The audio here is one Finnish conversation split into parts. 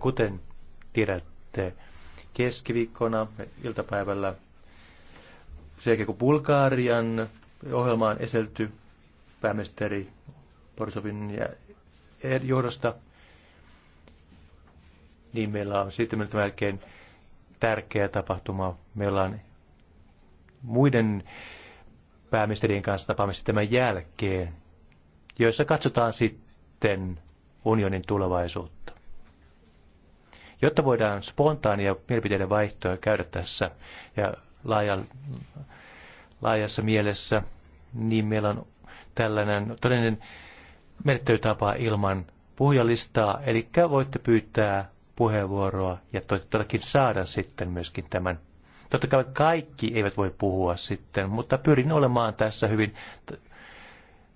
Kuten tiedätte, keskiviikkona iltapäivällä sen jälkeen, kun Bulgarian ohjelmaan eselty päämesteri Borisovin ja er-, johdosta, niin meillä on sitten tämän jälkeen tärkeä tapahtuma. Meillä on muiden pääministerien kanssa tapaamista tämän jälkeen, joissa katsotaan sitten unionin tulevaisuutta jotta voidaan spontaania mielipiteiden vaihtoa käydä tässä ja laaja, laajassa mielessä, niin meillä on tällainen todellinen menettelytapa ilman puhujalistaa, eli voitte pyytää puheenvuoroa ja todellakin saada sitten myöskin tämän. Totta kai kaikki eivät voi puhua sitten, mutta pyrin olemaan tässä hyvin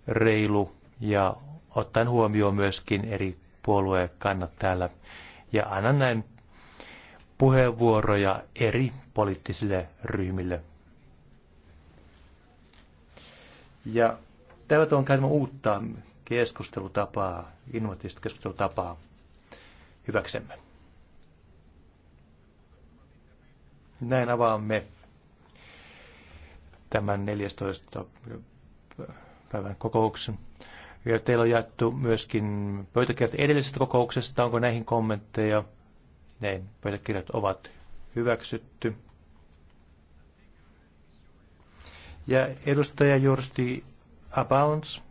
reilu ja ottaen huomioon myöskin eri puolueen kannat täällä ja annan näin puheenvuoroja eri poliittisille ryhmille. Ja tällä on käymään uutta keskustelutapaa, innovatiivista keskustelutapaa hyväksemme. Näin avaamme tämän 14. päivän kokouksen. Ja teillä on jaettu myöskin pöytäkirjat edellisestä kokouksesta. Onko näihin kommentteja? Näin, pöytäkirjat ovat hyväksytty. Ja edustaja Jorsti Abounds